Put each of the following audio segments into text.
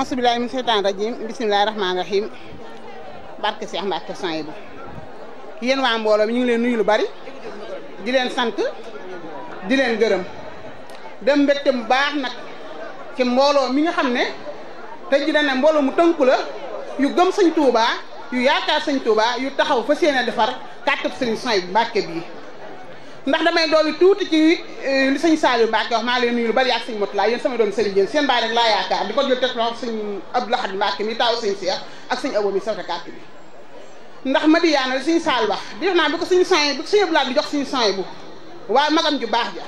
auzu billaahi mina seytaani rajiim bismillaahi rahmaani rahiim barke Cheikh Mbacke son yi bu yéen waa mbooloo mi ñu ngi leen nuyu lu bari di leen sant di leen gërëm dem mbégte mu baax nag ci mbooloo mi nga xam ne tey ji dañ ne mbooloo mu tënku la yu gëm sëñ Touba yu yaakaar sëñ Touba yu taxaw fa seen defar kàttab sëriñ son yi Mbacke bii ndax damay dooli tuuti ci euh, li sëñ Saliou Mbacke maa leen nuyu lu bari ak sëñ Motula yéen sama doon sëriñ yéen seen baay rek laa di ko ndax Madiyaana li sëñ Saliou wax di wax naa bi ko sëñ soe bi ko sëñ Abdoulaye bi jox sëñ soe bu waaye magam ju baax ja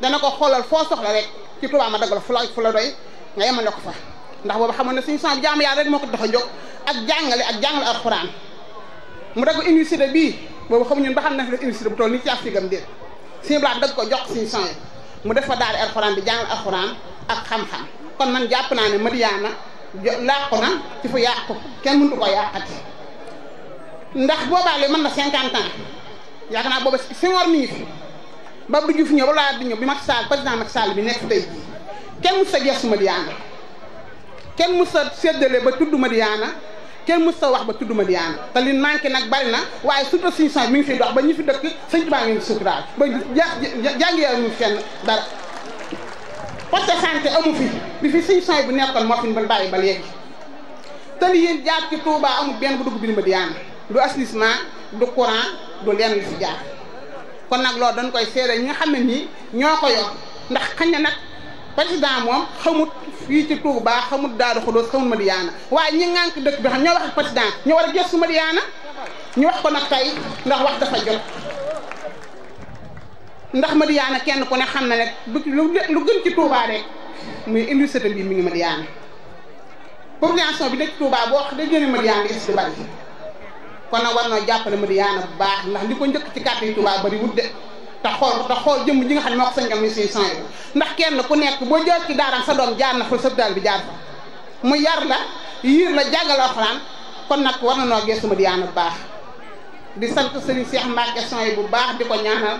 dana ko xoolal foo soxla rek ci Tuubaa ma dagal fu la fu la doy nga yemale ko fa ndax boobu xamoon ne sëñ soe bi jaamu Yàlla rek moo ko tax a jóg ak jàngale ak jàngale alxuraan mu dagg université bii boobu xamuñu ba xam ne fi def université bu toll nii ci af sigam déet suñu blaat dag ko jox suñu sony mu def fa daari alxuraan bi jàngal alxuraan ak xam-xam kon man jàpp naa ne Madiyana làqu na ci fu yàqu kenn mëntu ko yàqati ndax boobaa léegi man na cinquante ans yaakaar naa booba Senghor mi ba du Diouf ñëw ba di ñëw bi Macky Sall président Macky Sall bi nekk tey kenn mu sa gestu Madiyana kenn mu sa séddale ba tudd na kenn mës sa wax ba tudduma ma te li manqué nag bari na waaye surtout suñu sang mi ngi fiy dox ba ñu fi dëkk sëñ Tuubaa mi ngi sukuraal ba jàngi amu fenn dara poste santé amu fi bi fi siñ sang bu nekkoon moo fi ñu bàyyi ba léegi te li yéen jaar ci Touba amul benn bu dugg bi ma Diana du assainissement du courant du lenn li fi jaar kon nag loolu dañ koy seere ñi nga xam ne nii ñoo ko yor ndax xañ na nag président moom xamut fii ci Touba xamut Daaru Xudoos xamut Madiyana waaye ñi ngànk dëkk bi xam ñoo wax ak président ñu war a gëstu Madiyana ñu wax ko nag tey ndax wax dafa jot ndax Madiyana kenn ku ne xam na ne lu gën ci Touba rek muy université bi mi ngi Madiyana population bi dëkk Touba boo wax da génne a di is du bari kon nag war noo jàppale Madiyana bu baax ndax li ko njëkk ci kàtt yi Touba bari wut de te xool te xool jëmm ji nga xam ne moo ko sañgam ni suñu sony ndax kenn ku nekk boo jël ci daaram sa doom jaar na fa sëbdaal bi jaar fa mu yar la yiir la jàngal kon nag war na noo geesuma di bu baax di sant Serigne Cheikh Mbacke yi bu baax di ko ñaanal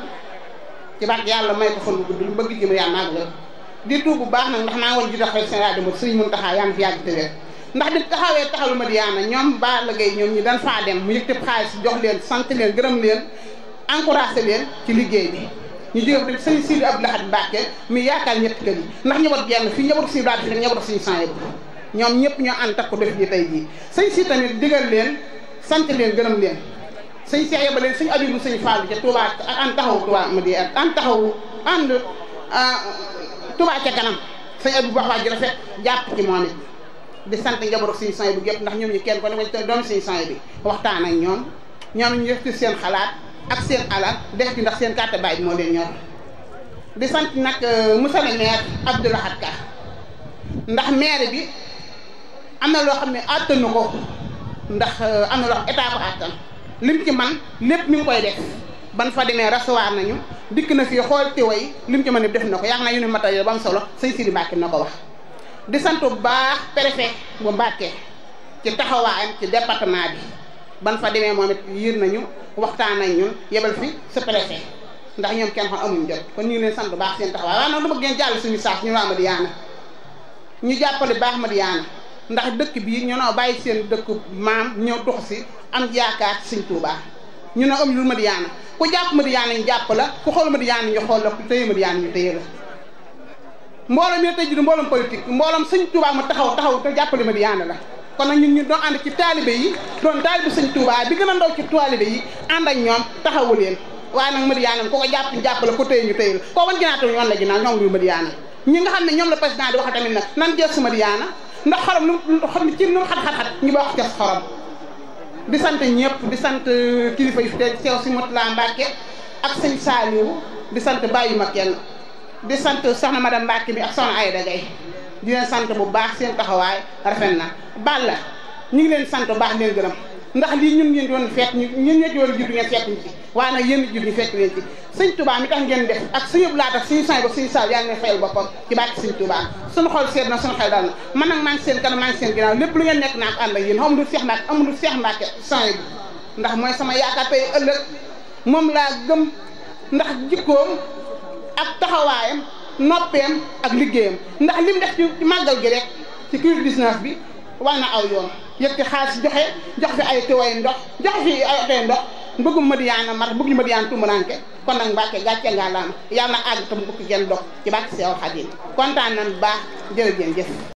ci barke yàlla may ko bëgg jëm yàlla naag la bu baax nag ndax maa ngi woon jiite xel seen rajo ma Serigne Mountakha yaa ngi fi yàgg te ndax di taxawee taxalu ma di yaana ñoom ba la gay ñoom ñi dan faa dem mu yëg tëb xaalis jox leen sant leen gërëm leen encouragé leen ci liggéey bi ñu jógee tamit sëñ ab Abdou Lahad Mbacke mi yaakaar ñetti kër ndax ñëwat genn fi ñëwatu suñu daal di fi ñëwatu suñu ñoom ñëpp ñoo ànd takku def ji tey jii sëñ si tamit bi sant leen gërëm leen sëñ si yebal leen suñu abibu sëñ Fall ca Touba ak an taxawu Touba ma di an taxawu ànd ah, Touba ca kanam sëñ abibu wax waa ji rafet jàpp ci moom it di sant njaboot suñu sang bu gépp ndax ñoom ñu kenn ko ne ko doom suñu sang bi waxtaan ak ñoom ñoom ñu def ci seen xalaat ak seen alal def ci ndax seen carte baay moo leen ñor di sant nag euh, monsieur le maire Abdou Ka ndax maire bi am na loo xam ne àttanu ko ndax euh, am na loo xam état ko àttan lim ci man lépp mi ngi koy def ban fa demee recevoir nañu dikk na fii xool ci way lim ci man def na ko yaakaar na yu ne matériel ba solo sëñ Sidi Mbacke na ko wax di sant bu baax préfet bu Mbacke ci taxawaayam ci département bi ban fa demee moom it yir nañu waxtaan nañ ñun yebal fi sa préfet ndax ñoom kenn xam amuñ jot kon ñu ngi leen sant baax seen taxawaay waaye nag lu ma gën jàll suñu saas ñu ma Madiyana ñu jàppale baax ma Madiyana ndax dëkk bii ñu noo bàyyi seen dëkk maam ñëw dox si am yaakaar Sëñ Tuubaa ñu ne am lu Madiyana ku jàpp Madiyana ñu jàpp la ku xool Madiyana ñu xool la ku téye Madiyana ñu téye la mbooloo mi tey jii mbooloom politique mbooloom Sëñ Tuubaa ma taxaw taxaw te jàppale Madiyana la kon nag ñun ñu doon ànd ci taalibe yi doon taalibe sëñ Touba bi gën a ndaw ci taalibe yi ànd ak ñoom taxawu leen waaye nag Madiyana ko ko jàpp ñu jàpp la ko téye ñu téye la koo wan ginnaaw tamit ñu wan la ginnaaw ñoom ñu Madiyana ñi nga xam ne ñoom la président di wax tamit nag nan jël su Madiyana ndax xorom lu ci nu mu xat ñu ba wax kes di sant ñëpp di sant euh, kilifa yi fi te sew si Moutala Mbacke ak sëñ Saliou di sant bàyyi ma kenn di sant sax na madame Mbacke bi ak soxna Ayda Gaye li leen sant bu baax seen taxawaay rafet na Balla ñu ngi leen sant bu baax leen gërëm ndax lii ñun ngeen doon fekk ñu ñun ñoo ci woon jub ngeen fekk ñu ci waaye nag yéen jub fekk leen ci sëñ Touba mi tax ngeen def ak sa yóbbu laa tax suñu sang ba suñu saaw yaa ngi fayal boppam ci bàkki sëñ Touba suñu xol seet na suñu xel na man nag maa ngi seen kanam maa ngi seen ginnaaw lépp lu ngeen nekk naa ko ànd ak yéen amul Seex Mbàkke amul Seex Mbàkke sang bi ndax mooy sama yaakaar tey ëllëg moom laa gëm ndax jikkoom ak taxawaayam noppeem ak liggéeyam ndax lim def ci màggal gi rek ci covid 19 bi war na aw yoon yëkkati xaalis joxe jox fi ay tuwaay ndox jox fi ay otoy ndox mbëggum Madiyana mar mbëggum Madiyana tumuranke kon nag Mbàkke gàcce nga laama yàlla na àgg tam bukki genn dox ci bàkki Seex Xaadim kontaan nañ baax jërëjëf